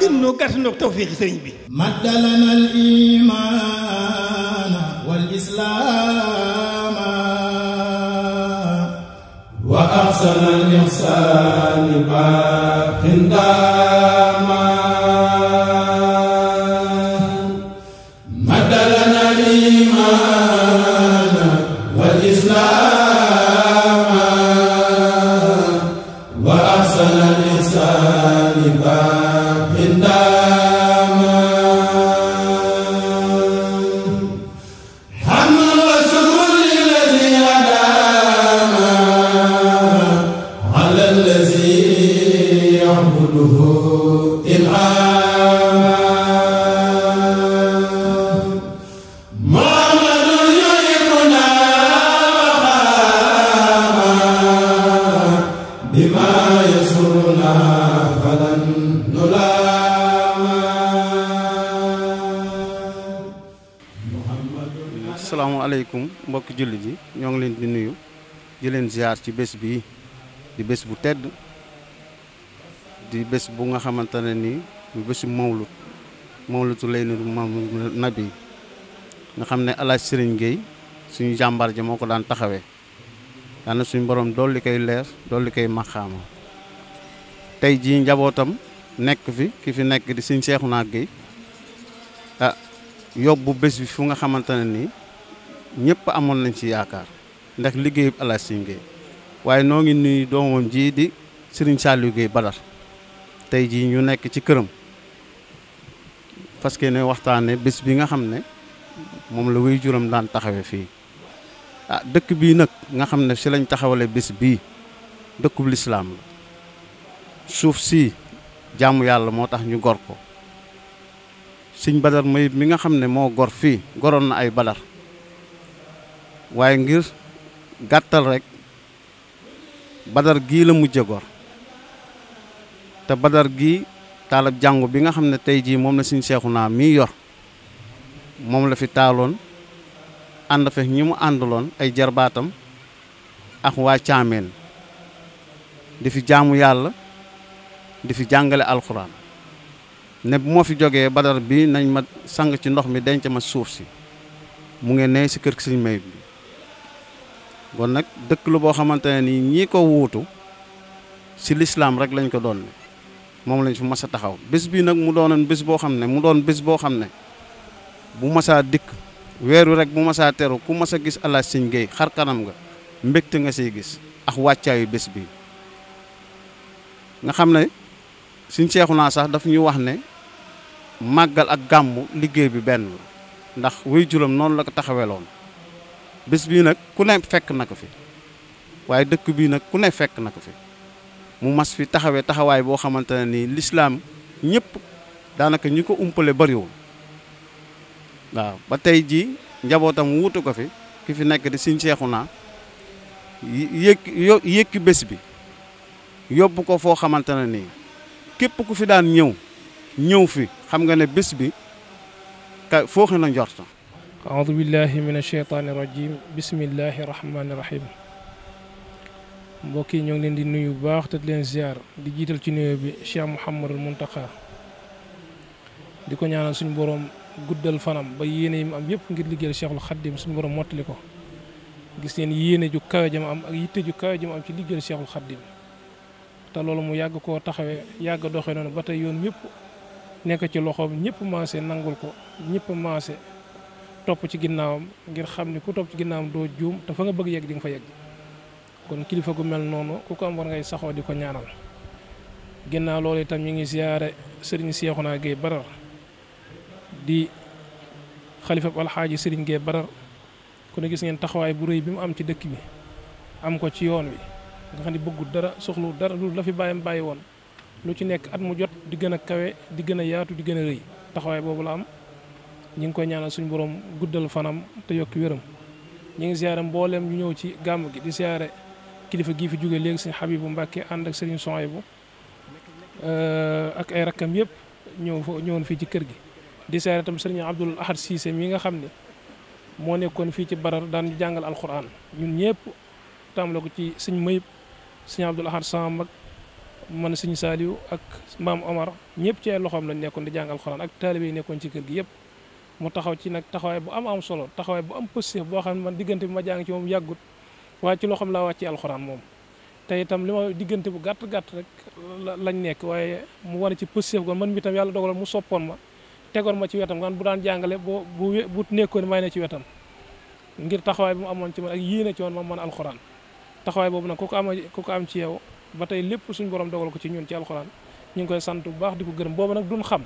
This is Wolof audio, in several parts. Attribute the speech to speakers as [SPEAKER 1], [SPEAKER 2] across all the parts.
[SPEAKER 1] gën noo gàtt noo tawféexi sëriñ bi maddalana al imaana wal islaama
[SPEAKER 2] wa
[SPEAKER 3] ahsana al ihsaani
[SPEAKER 4] asalaamaaleykum mbokki jullit yi ñoo ngi leen di nuyu di leen ziar ci bés bii di bés bu tedd di bés bu nga xamante ne nii bu bésu mawlut mawlutu lay nu nabi nga xam ne alaaj sëriñ Gueye suñu jàmbaar ji moo ko daan taxawee daana suñu borom dolli koy leer dolli koy maxaama tey jii njabootam nekk fi ki fi nekk di suñ seexu naa Gueye yóbbu bés bi fu nga xamante ne nii ñëpp amoon nañ ci yaakaar ndax liggéeyub Alasaan Gueye waaye noo ngi nuyu doomam ji di Serigne Saliou Gueye Badar tey jii ñu nekk ci këram parce que ne waxtaane bés bi nga xam ne moom la wuy juróom daan taxawe fii ah dëkk bii nag nga xam ne si lañ taxawale bés bii dëkkub lislaam la suuf si jàmm yàlla moo tax ñu gor ko sëñ badar may mi nga xam ne moo gor fii goroon na ay badar waaye ngir gàttal rekk badar gii la mujje gor te badar gii taalab jàngu bi nga xam ne tey jii moom la sëñ naa mii yor moom la fi taaloon ànd fa ñi mu àndaloon ay jarbaatam ak waa caameen di fi jaamu yàlla di fi jàngale alxuraan ne moo fi jogee badar bi nañ ma sang ci ndox mi denc ma suuf si mu ngi ne si kër sëñ Mayib bi kon nag dëkk lu boo xamante ne nii ñii ko wuutu si lislaam rek lañ ko doon ne moom lañ fi mas a taxaw bés bii nag mu doonoon bés boo xam ne mu doon bés boo xam ne bu masaa dikk weeru rek bu masaa teru ku mas a gis alaaj sëñ Géey xar kanam nga mbëgt nga see gis ak wàccaayu bés bii nga xam ne suñ seexu naa sax dafa ñu wax ne màggal ak gàmmu liggéey bi benn la ndax wuy juróom noonu la ko taxaweloon bés bii nag ku ne fekk na ko fi waaye dëkk bii nag ku ne fekk na ko fi mu mas fi taxawee taxawaay boo xamante ne nii lislaam ñépp daanaka ñi ko umpale bariwul waaw ba tey jii njabootam wuutu ko fi ki fi nekk di siñ seexu naa yëkki bi yóbbu ko foo xamante ne nii képp ku fi daan ñëw ñëw fi xam nga ne bés bi ka fooxi na njorta
[SPEAKER 2] aoudu billahi min asheytaani rajim bismillahi rahmaani rahim mbokk yi ñoo ngi leen di nuyu bu baax te leen ziar di jiital ci nuyu bi Cheikh Mouhamadul Mountakha di ko ñaanal suñu borom guddal fanam ba yéene yi mu am yëpp ngir liggéeyal Cheikhul Khadim suñu borom mottali ko gis neen yéene ju kawe jam am ak yitte ju kawe jam am ci liggéeyal Cheikhul Khadim te loolu mu yàgg koo taxawee yàgg doxe noonu ba tey yoon yépp nekk ci loxoom ñëpp maase nangul ko ñëpp maase topp ci ginnaawam ngir xam ni ku topp ci ginnaawam doo juum te fa nga bëgg yegg di nga fa yegg kon kilifa gu mel noonu ku ko am war ngay saxoo di ko ñaanal ginnaaw loolu itam ñu ngi ziyaare sëriñ naa Géey Badar di xalifab alxaaji sëriñ Géey Badar kon ne gis ngeen taxawaay bu rëy bi mu am ci dëkk bi am ko ci yoon wi nga xam ne dara soxlu dara lu la fi bàyyi woon lu ci nekk at mu jot di gën a kawe di gën a yaatu di gën a rëy taxawaay boobu la am ñi ngi koy ñaanal suñu borom guddal fanam te yokki wéram ñi ngi siyaare mbooleem ñu ñëw ci gàmm gi di siyaare kilifa gii fi jóge léegi sëñ Xabibu Mbàkke ànd ak sëriñ Sohaybu eh, ak ay rakkam yëpp ñëw fa ñëwoon fii ci kër gi di siyaare tam sëriñ Abdul Ahad Siise mi nga xam ne moo nekkoon fii ci barar daan ñu jàngal alquran ñun ñëpp tàmbale ko ci sëñ Mayib sëñ Abdul Ahad sama mag man sëñ Saaliw ak maam Omar ñëpp ci loxoom lañ nekkoon di jàng alxuraan ak taalibe yi nekkoon ci kër gi yëpp mu taxaw ci nag taxawaay bu am am solo taxawaay bu am positif boo xam ne man diggante bi ma jàng ci moom yàggut waaye ci loxoom laa wàccee alxuraan moom te itam li ma diggante bu gàtt gàtt rek lañ nekk waaye mu wane ci positif goon man mi tam yàlla dogal mu soppoon ma tegoon ma ci wetam ngan bu daan jàngale bu bu nekkoon may na ci wetam ngir taxawaay bu mu amoon ci man ak yéene ci woon ma man alxuraan taxawaay boobu nag ku ko am ku ko am ci yow ba tey lépp suñu borom dogal ko ci ñun ci alxuraan ñu ngi koy sant bu baax di ko gërëm boobu nag duñ xam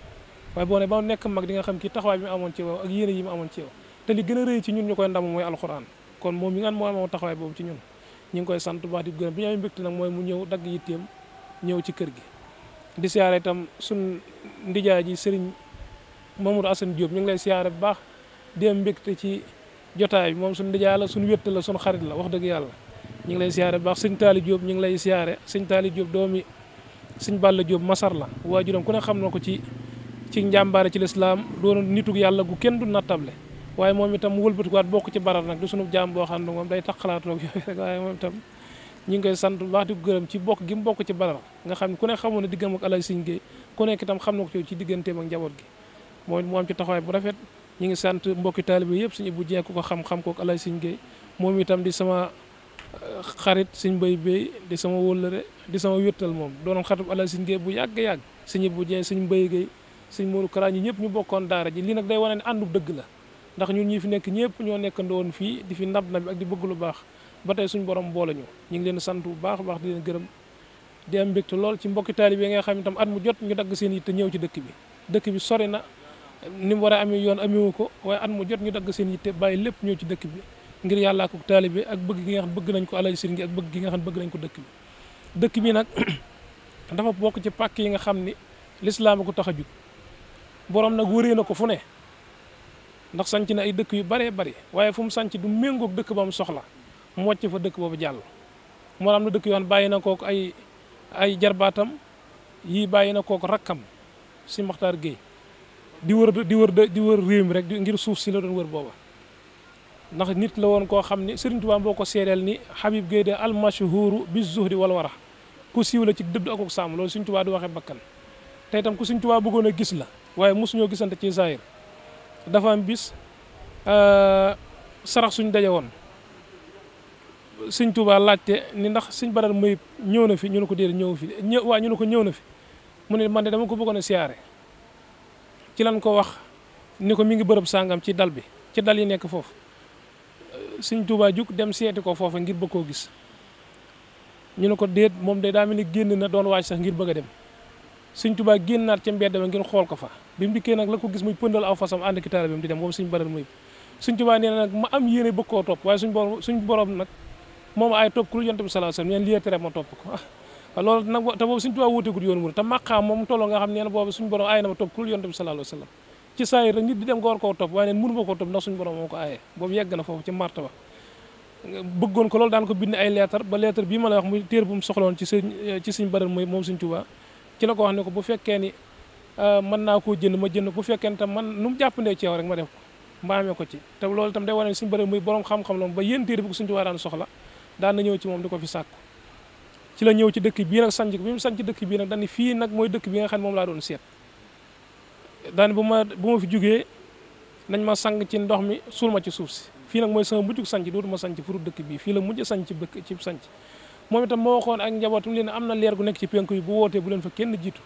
[SPEAKER 2] waaye boo ne ba nekk mag di nga xam kii taxawaay bi amoon ci yow ak yéene yi amoon ci yow te li gën a rëy ci ñun ñu koy ndam mooy alxuraan kon moom mi nga xam moo amoon taxawaay boobu ci ñun ñu ngi koy sant bu baax di ko gërëm bi ñu amee mbégte nag mooy mu ñëw dagg yitteem ñëw ci kër gi di siyaare itam suñ ndijaay ji sëriñ mu Mamadou Assane Diop ñu ngi lay siyaare bu baax di am mbégte ci jotaay bi moom suñ ndijaay la suñ wétt la suñ xarit la wax dëgg yàlla ñu ngi lay siyaare baax sëñ Taali Diop ñu ngi lay siyaare sëñ Taali Diop doomi sëñ Balla Diop masar la waajuram ku ne xam na ko ci ci njàmbaare ci lislaam doon nitug yàlla gu kenn du nattable waaye moom itam wëlbatikuwaat bokk ci baral nag du sunu boo xam ne moom day taxalaatoog yooyu rek waaye ñu ngi koy sant bu baax di gërëm ci bokk gi mu bokk ci baral nga xam ne ku ne xamoon ne diggam ak alay siñ géey ku nekk itam xam na ko ci digganteem ak njaboot gi moom mu taxawaay bu rafet ñu ngi sant mbokki taalibe yëpp suñu bu jeeku ko xam-xam kook alay siñ géey moom itam di sama xarit suñ bay bay di sama wóllëre di sama wéttal moom doonoon xarit ala suñ géey bu yàgg-yàgg suñu bu jee suñ mbay géey suñ mooru kara ñi ñëpp ñu bokkoon daara ji lii nag day wane ne àndub dëgg la ndax ñun ñi fi nekk ñëpp ñoo nekkandoon fii di fi nab na ak di bëgg lu baax ba tey suñ borom boole ñu ñu ngi leen sant bu baax baax di leen gërëm di am mbégte lool ci mbokki taalibe yi nga xam itam at mu jot ñu dagg seen yitte ñëw ci dëkk bi dëkk bi sori na ni mu war a amee yoon amewu ko waaye at mu jot ñu dagg seen yitte bàyyi lépp ñëw ci dëkk bi ngir yàlla ko taalibe ak bëgg gi nga xam bëgg nañ ko alal sëriñ gi ak bëgg gi nga xam bëgg nañ ko dëkk bi dëkk bi nag dafa bokk ci pàkk yi nga xam ni lislaam ko tax a jug borom nag wëree na ko fu ne ndax sanc na ay dëkk yu baree bari waaye fu mu sanc du méngoog dëkk ba mu soxla mu wàcc fa dëkk boobu jàll moo am na dëkk yoon bàyyi na kook ay ay jarbaatam yii bàyyi na kook rakkam si Maxtaar Géey di wër di wër di wër réew mi rek ngir suuf si la doon wër booba ndax nit la woon koo xam ne Sëriñ Tuubaa boo ko seedeel ni Habib Gueye de almashhuru bi zuhdi wal wara ku siiw la ci dëdd akuk saam loolu Sëriñ Tuubaa du waxee bakkan te itam ku Sëriñ Tuubaa bëggoon a gis la waaye mosuñoo gisante ci zahir dafa bis euh, sarax suñ daje woon Sëriñ laajte ni ndax Sëriñ Badar Mayib ñëw na fi ñu ne ko déedéet ñëw fi ñë waa ñu ne ko ñëw na fi mu ne man de dama ko bëggoon a siyaare ci lan ko wax ni ko mi ngi bërëb sàngam ci dal bi ci dal yi nekk foofu suñ Tuubaa jug dem seeti ko foofa ngir bëgg koo gis ñu ne ko déet moom de daa mel ni génn na doon waaj sax ngir bëgg a dem Sëñ Tuubaa génnaat ca mbedd ba ngir xool ko fa bi mu dikkee nag la ko gis muy pëndal aw fasam ànd ki taal bi mu di dem moom Sëñ Badal muy nag ma am yéene bëgg koo topp waaye suñ borom suñ borom nag moom ay topp ku lu yonent bi sallallahu alayhi wasallam neen liyee tere ma topp ko loolu nag te boobu Sëñ Tuubaa wuuteegul ci saa yi rek nit di dem nga war koo topp waaye neen mënu koo topp ndax suñu borom moo ko aaye boobu yegg na foofu ci marte ba bëggoon ko loolu daan ko bind ay leetar ba leetar bii ma la wax muy téer bu mu soxloon ci sëñ ci suñ baral mooy moom suñ Tuubaa ci ne ko bu fekkee ni ah, mën naa koo jënd ma jënd bu fekkee man nu mu jàpp ci yow rek ma def ko ma amee ko ci te loolu itam day wane ne suñ baral muy borom xam-xam loon ba yéen téer bi ko suñ Tuubaa daan soxla daan na ñëw ci moom di ko fi sàkku ci la ñëw ci dëkk bii nag sanc ko bi mu sanc dëkk bii nag dañ bi nga xam ne moom laa doon seet daan bu ma bu ma fi jugee nañ ma sang ci ndox mi suul ma ci suuf si fii nag mooy sama mujjug sanc dootuma sanc pour dëkk bii fii la mujj a sanc bëkk ci sanc moom itam moo waxoon ak njabootam leen am na leer gu nekk ci penku yi bu wootee bu leen fa kenn jiitu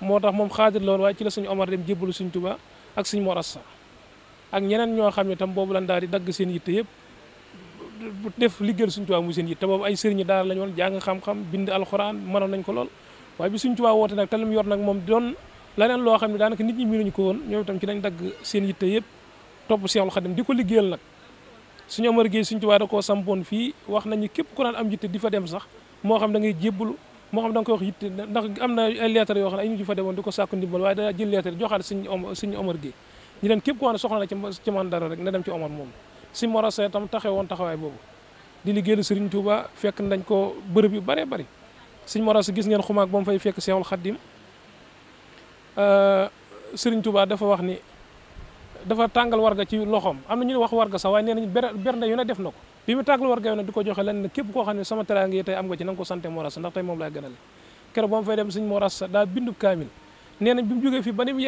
[SPEAKER 2] moo tax moom xaadir loolu waaye ci la suñu Omar dem jébbalu suñ Tuubaa ak suñ Mor Asta ak ñeneen ñoo xam ne tam boobu lan daal di dagg seen yitte yëpp def liggéeyal suñ Tuubaa mu seen yitte boobu ay sëriñi daara lañ woon jàng xam-xam bind alxuraan mënoon nañ ko lool waaye bi suñ Tuubaa nag te lim yor nag moom doon leneen loo xam ne daanaka nit ñi miinuñu ko woon ñoom itam ci lañ dagg seen yitte yëpp topp Seexul Xadim di ko liggéeyal nag suñu Omar Gueye suñ Tuubaa da koo sampoon fii wax nañu képp ku naan am di fa dem sax moo xam da ngay jébbalu moo xam da nga koy am na ay yoo fa demoon di ko sàkku ndimbal waaye daa jël lettre joxaat suñu suñu Omar Gueye ñu leen képp ku xam na dem ci Omar moom si morose tam taxee woon taxawaay boobu di liggéeyal Sëriñ Tuubaa fekk nañ ko bërëb yu bare bari suñ morose gis ngeen xumaag ba mu fekk Seexul Xadim Euh, Serigne Touba dafa wax ni dafa tàngal warga ci loxoom am na ñu wax warga sax waaye nee nañ bernde yu def na ko bi mu tàngal warga yu di ko joxe lan ne képp koo xam ne sama teraanga yi tey am nga ci na nga ko sante Moras ndax tey moom laay gënale keroog ba mu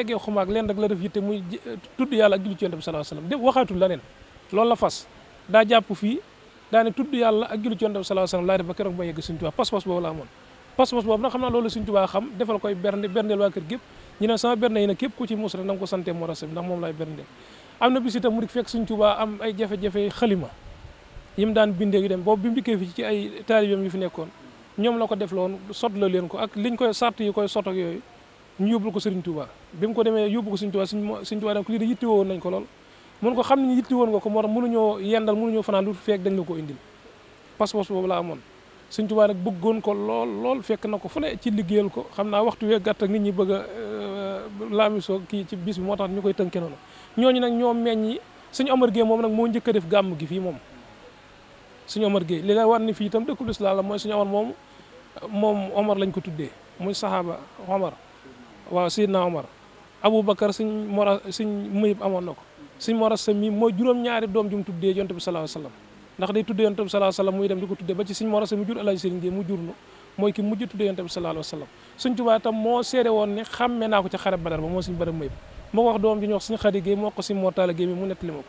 [SPEAKER 2] la def yitte jàpp fii daa ne tudd yàlla ak julli ci yonent bi yegg Serigne Touba pas boobu la amoon pas boobu nag xam naa loolu Serigne Touba xam defal koy berndeel waa kër gépp ñu ne sama bernde yi képp ku ci muus rek na nga ko sante moo rasa bi ndax moom lay bernde am na bis itam mu di fekk Sëñ Tuubaa am ay jafe-jafe yi mu daan bindee yu dem boobu bi mu dikkee fi ci ay taalibeem yu fi nekkoon ñoom la ko def loon sot la leen ko ak liñ koy sart yi koy sot ak yooyu ko Sëriñ Tuubaa bi ko demee yóbbu ko Sëriñ Tuubaa Sëriñ Tuubaa dem ko de yitti woon nañ ko lool mun ko xam ne yitti woon nga ko moo tax mënuñoo yendal mënuñoo fanaan lu feek dañ la ko indil pas-pas boobu la amoon suñ Tuubaa nag bëggoon ko lool lool fekk na ko fu ne ci liggéeyal ko xam naa waxtu wee gàtt ak ñi bëgg a euh, laamisoo kii ci bis bi moo tax ñu koy tënke noonu ñooñu nag ñoom meññi suñu Omar Gueye moom nag moo njëkk a def gàmm gi fii moom suñu Omar Gueye li la war ni fii itam dëkkul islaam la mooy suñu Omar moom moom Omar lañ ko tuddee muy sahaaba Omar waaw Seydina Omar Aboubacar suñ mora suñ mëyib amoon na ko suñ mora sa mi mooy juróom-ñaari doom ju mu tuddee bi sallallahu alayhi ndax day tudde yonent bi sallallahu alayhi wasallam muy dem di ko tudde ba ci suñ mor asa mu jur alaaji sëriñ mu jur nu mooy ki mujj tudde yonent bi sallallahu alayhi wasallam suñ Tuubaa itam moo seede woon ne xàmmee naa ko ci xarab Badar ba moo suñ Badar mayib moo ko wax doom ji ñu wax suñ Xadi Géey moo ko suñ Mortala Géey mi mu nettali ma ko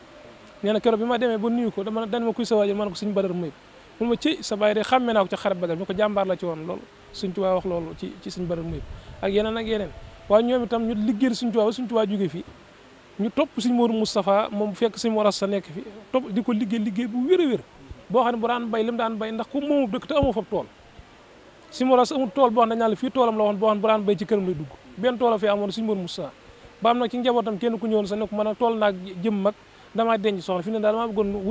[SPEAKER 2] nee na keroog bi ma demee ba nuyu ko dama dan ma kuy sa waajur ma ne ko suñ Badar mayib mun ma ci sa bàyyi de xàmmee naa ko ci xarab Badar mi ko jàmbaar la ci woon loolu suñ Tuubaa wax loolu ci ci suñ Badar mayib ak yeneen ak yeneen waaye ñoom itam ñu liggéey suñ Tuubaa ba suñ Tuubaa jóge fii ñu topp suñ Mourou Moustapha moom bu fekk suñ Mor Asta nekk fi topp di ko liggéey liggéey bu wér a wér boo xam ne bu daan bay li mu daan bay ndax ku moomu dëkk te amoo boo xam ne dañ naan la fii toolam la woon boo xam dugg benn kenn ku ñëwoon sax ne a tool naag jëm mag damaa denc soxna fi ne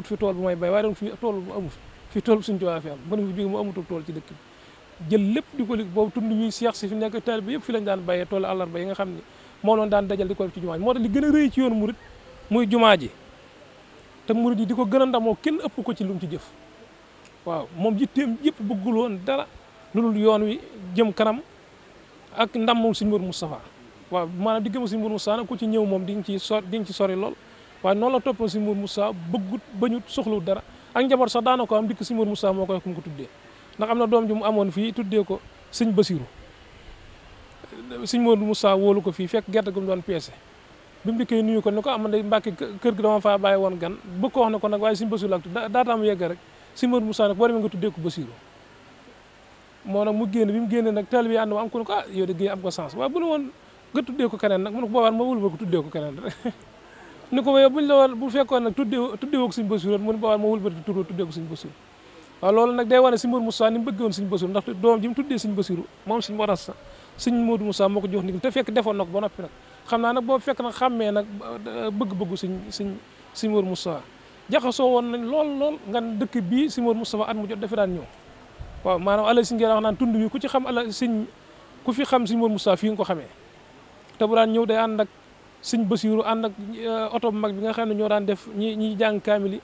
[SPEAKER 2] fi tool bu may bay waaye doon fi tool bu fi tool am mën fi jóge mu amatul tool ci dëkk bi jël lépp di ko lig boobu tund ñuy seex si fi nekk taalibe bi yëpp fi lañ daan bayee tool àllarba yi nga xam ni moo loon daan dajal di ko def ci jumaa ji moo tax li gën a rëy ci yoon murit jumaa ji te murit yi di ko gën a ndamoo kenn ëpp ko ci lu ci jëf waaw moom jitteem yëpp bëggul woon dara lu dul yoon wi jëm kanam ak ndam moom suñu mbër Moustapha waaw maanaam di gëm suñu mbër Moustapha nag ku ci ñëw moom di nga ci sor di nga ci sori lool waaye noonu la toppal suñu mbër Moustapha bëggut bañut soxlawut dara ak njaboot sax daana ko am dikk suñu mbër Moustapha moo koy ku ko tuddee ndax am na doom ju mu amoon fii tuddee ko sëñ Basiru sëñ Modou Moussa wóolu ko fii fekk gerte gu doon peese bi mu dikkee nuyu ko ne ko am ah, day mbàkki kër gi dama faa bàyyi woon gan bëgg ko wax ne ko nag waaye sëñ Basiru laa am ku ne ko ah yow de géey am ko sens waaye bu nag mu ne ko boobaan bu fekkoon nag tuddee tuddee ko sëñ Basiru mu ne boobaan ma ni mu woon sëñ Basiru doom ji mu tuddee sëñ Basiru moom sëñ Mor Asta sëñ Modou Moussa moo ko jox ndigal te fekk defoon na ko ba noppi nag xam naa nag boo fekk xam mee nag bëgg-bëggu sëñ sëñ sëñ Modou Moussa jaxasoo woon nañ lool lool nga dëkk bii sëñ Modou Moussa at mu jot dafa daan ñëw waaw maanaam ala sëñ wax naan tund wi ku ci xam ala sëñ ku fi xam sëñ Modou Moussa fii nga ko xamee te bu daan ñëw day ànd ak sëñ Basiiru ànd ak euh, oto bu mag bi nga xam ne ñoo daan def ñi ñiy jàng kaamil yi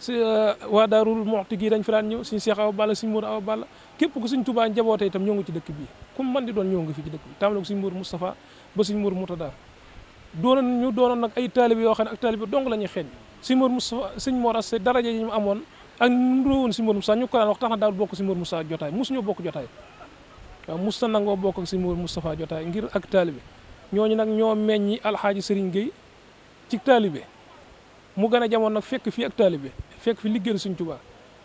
[SPEAKER 2] si euh, waa Daarul Muxti gii dañ fi daan ñëw sëñ Seex Awa bala sëñ Modou Awa Balla képp ku sëñ Tuubaa njabootee itam ñoo ngi ci dëkk bii comme man di doon ñëw nga fi ci dëkk bi tàmbale ko suñu mbuur Moustapha ba suñu mbuur Moutada doonoon ñu doonoon nag ay taalibe yoo xam ne ak taalibe dong la ñuy xeeñ suñu mbuur Moustapha suñu Mor Assa daraja yi ñu amoon ak ndurówoon suñu mbuur Moustapha ñu ko tax daal bokk suñu mbuur Moustapha jotaay mosuñoo bokk jotaay waaw mos na nangoo bokk ak suñu mbuur Moustapha jotaay ngir ak taalibe ñooñu nag ñoo meññi alxaaji Serigne Gueye ci taalibe mu gën a jamoon nag fekk fii ak taalibe fekk fi liggéeyal suñ Tuubaa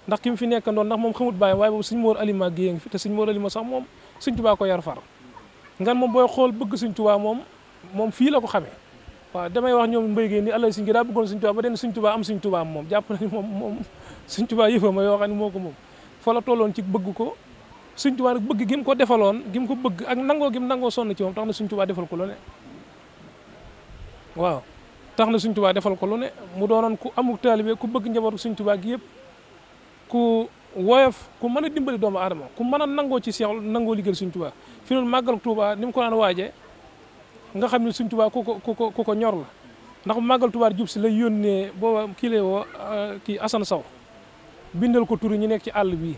[SPEAKER 2] ndax ki mu fi nekkandoon ndax moom xamut bàyyi waaye boobu suñ Mor Alima Gueye ngi fi te suñ Mor Alima sax moom Sëñ Tuubaa ko yar far ngan moom booy xool bëgg Sëñ Tuubaa moom moom fii la ko xamee waaw damay wax ñoom mbéy gi ni allah siñ gi daa bëggoon Sëñ den Sëñ Tuubaa am jàpp na moom moom Sëñ Tuubaa yëfa ne moo ko moom fa la ci bëgg ko Sëñ Tuubaa nag bëgg gi ko defaloon gi ko bëgg ak nangoo gi mu nangoo sonn ci moom tax na Sëñ Tuubaa defal ko lu ne waaw tax na Sëñ Tuubaa defal ko lu ne mu doonoon ku amuk taalibe ku bëgg njabootu Sëñ Tuubaa gi yëpp woyof ku mën a dimbali doomu aadama ku mën a nangoo ci seexlu nangoo liggéey suñ tubaa fi noonu màggal tuubaa ni mu ko naan waajee nga xam ne suñ tubaa ku ko ku ko ku ko ñor la ndax màggal tubaa jub si la yónnee booba kii wo woo euh, kii Assane Saw bindal ko turi ñu nekk ci àll bii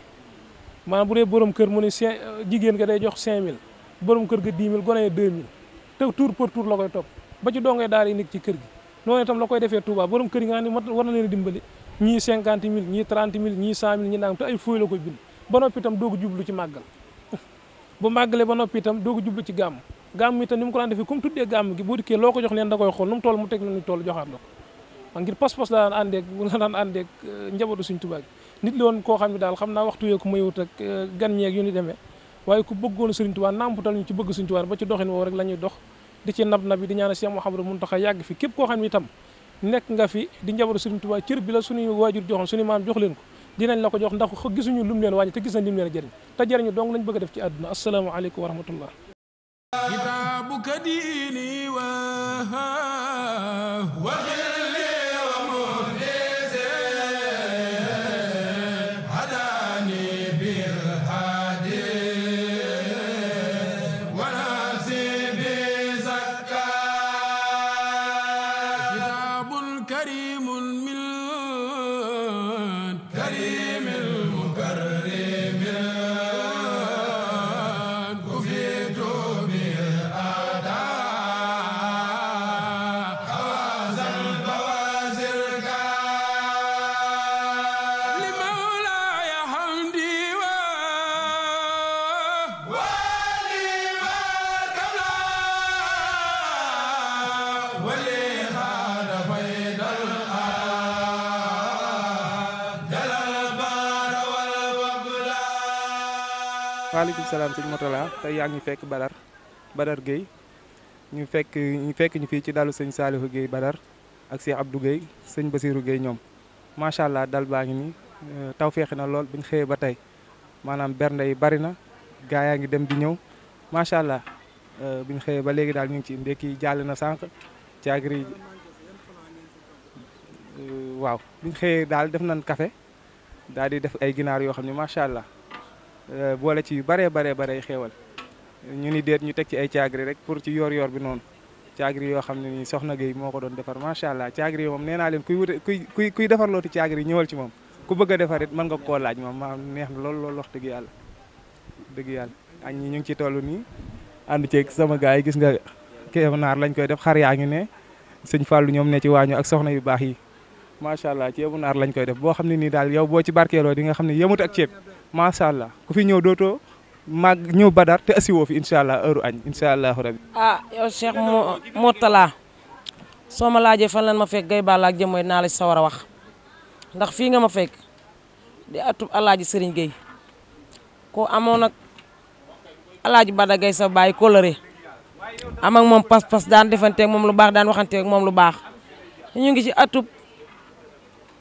[SPEAKER 2] maanaam bu dee borom kër mu ne cinq euh, jigéen nga day jox cinq mille borom kër ga dix mille gone deux mille te tour pour tour la koy topp ba ci dongee daara yi nekk ci kër gi noonu defee Touba borom kër yi nga xam ne na leen dimbali ñii cinquante mille ñii trente mille ñii cent mille ñii nangam te ay fooy la koy bind ba noppi itam doog jublu ci màggal bu màggalee ba noppi itam doog jublu ci gàmm gàmm itam gi boo dikkee loo ko leen da ko wa ngir pas-pas euh, la daan àndeeg la daan àndeeg njabootu suñ tubaab gi woon koo xam ne daal xam naa waxtu yee ko mayut ak euh, gan ñeeg yu ni demee waaye ku bëggoon Sëriñ Tuubaa nàmputal ñu ci la ñuy dox di yàgg fi képp koo xam ne itam nekk nga fi di njabootu Sëriñ Tuubaa cër bi la suñuy waajur joxoon suñu maam jox leen ko dinañ la ko jox ndax gisuñu lum leen wàññi te gis nañ lim leen jëriñ te jëriñu dong lañ bëgg a def ci àdduna asalaamaaleykum wa rahmatullah kitaabuka diini
[SPEAKER 3] waaleykum salaam sëñ Mourtalla tey yaa ngi fekk Badar Badar Gueye ñu fekk ñu fekk ñu fii ci dalu sëñ Saliou Gueye Badar ak sëñ Abdou Gueye sëñ Basirou Gueye ñoom macha allah dal baa ngi nii euh, taw feexi na lool biñ xëyee ba tey maanaam bernde yi bari na gaa yaa ngi dem di ñëw macha allah euh, buñ xëyee ba léegi daal ñu ngi ci ndekki jàll na sànq ci agri euh, waaw biñ xëyee daal def nañ kafe daal di def ay ginaar yoo xam ne macha allah. Euh, boole ci yu baree baree baree xewal ñu ni déet ñu teg ci ay caagri rek pour ci yor yoor bi noonu caagri yoo xam ne nii soxna Guèye moo ko doon defar macha allah caagri yi moom nee naa leen kuy wute kuy kuy kuy defar looti caagri ñëwal ci moom ku bëgg a koo laaj moom maa lool lool wax dëgg yàlla dëgg yàlla. añ ñi ñu ngi ci toll nii ànd ceeg sama gars yi gis nga keew naar lañ koy def xar yaa ngi ne sëñ Fallou ñoom ne ci waañu ak soxna yu baax yi macha allah ceebu naar lañ koy def boo xam ne nii daal yow boo ci barkeeloo di nga xam ne yemut ak ceeb macha allah ku fi ñëw dootoo mag ñëw badar te asiwoo fi incha allah heure añ incha allahu rabi.
[SPEAKER 5] ah yow Cheikh Moutala soo ma laajee fan lan ma fekk gay baal ak jëmooy naa la si sa a wax ndax fii nga ma fekk di atub alaaji sëriñ Gueye ko amoon ak alaaji Bada gay sa bàyyi coloré am ak moom pas-pas daan defanteeg moom lu baax daan waxanteeg moom lu baax ñu ngi ci atub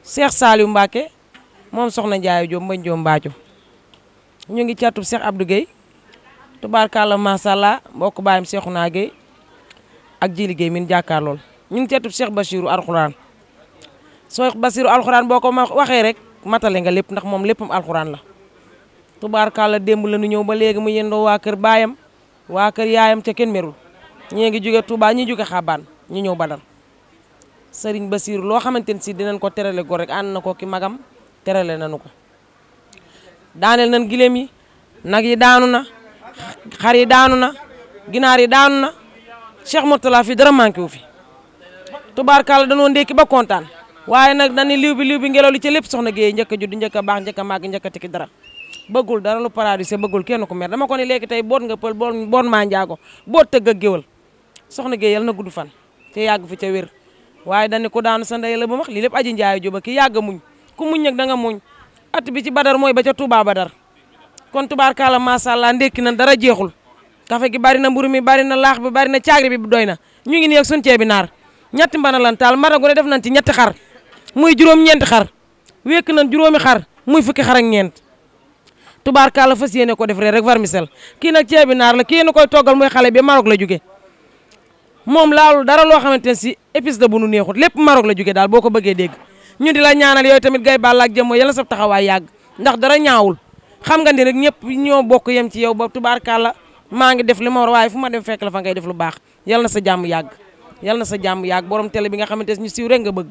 [SPEAKER 5] Cheikh Saliou Mbacke moom soxna Ndiaye Diop mbañ Diop Mbacco ñu ngi catub Cheikh Abdou Guèye tubaarkàlla masàllaa mbokk baayam Cheikhouna Guèye ak Jili Guèye min jàkkaar lool ñu ngi catub Cheikh Bachirou alxuraan soo Bachirou alxuraan boo ko waxee rek matale nga lépp ndax moom léppam alxuraan la tubaar tubaarkàlla démb la nu ñëw ba léegi mu yendoo waa kër baayam waa kër yaayam ca kenn merul ñii ngi jóge tubaa ñi jóge Xabaan ñu ñëw Badar Serigne Bachirou loo xamante ne si dinañ ko terale gor rek ànd na ko ki magam terale nañu ko daaneel nañ gileem yi nag yi daanu na xar yi daanu na ginaar yi daanu na Cheikh Mourtala fii dara manqué wu fi tubaarkàlla danoo ndékki ba kontaan waaye nag dañu liw bi liw bi ngelaw li ci lépp soxna Guèye njëkk a judd njëkk a baax njëkk a màgg njëkk a tikki dara bëggul dara lu paradise bëggul kenn ku mer dama ko ne léegi tey boot nga pël boot boot maa tëgg a géwal soxna na gudd fan te yàgg fi ca wér waaye dañu ko daanu sa ndey la ba max lii lépp aji njaayo juba ki yàgg muñ ku da nga muñ at bi ci badar mooy ba ca Touba badar kon tubaarkaala macha allah ndekki na dara jeexul kafe gi bari na mburu mi bari na laax bi bari na caagri bi doy na ñu ngi nii ak suñu ceebi naar ñetti mbana lan taal maragu ne def nañ ci ñetti xar muy juróom-ñeenti xar wékk nañ juróomi xar muy fukki xar ak ñeent tubaarkaala fas yéene ko def ree rek vermicelle kii nag ceebi naar la kii nu koy toggal muy xale bi Maroc la jóge moom laalul dara loo xamante ne si épice la bu nu neexut lépp Maroc la jóge daal boo ko bëggee dégg ñu di la ñaanal yooyu tamit gay bàll ak jëmm yàlla sa taxawaay yàgg ndax dara ñaawul xam nga ni rek ñëpp ñoo bokk yem ci yow ba tubaarkàlla maa ngi def li ma war waaye fu ma dem fekk la fa ngay def lu baax yàlla na sa jàmm yàgg yàlla na sa jàmm yàgg borom télé bi nga xamante ne ñu siiw rek nga bëgg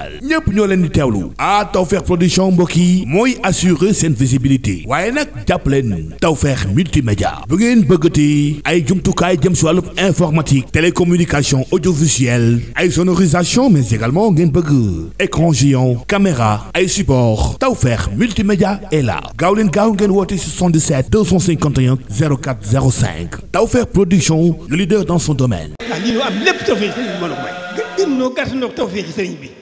[SPEAKER 1] Sénégal ñëpp ñoo leen di teewlu ah Tawfekh production mbokk yi mooy assurer seen visibilité waaye nag jàppaleen Tawfekh multimédia bu ngeen bëggati ay jumtukaay jëm si wàllu informatique télécommunication audiovisuelle ay sonorisation mais également ngeen bëgg écran géant caméra ay support Tawfekh multimédia est là gaaw leen gaaw ngeen woote 77 251 04 05 Tawfekh production le leader dans son domaine. Ah, am lépp Tawfekh sëriñ bi mën a may. noo gàtt noo Tawfekh sëriñ bi.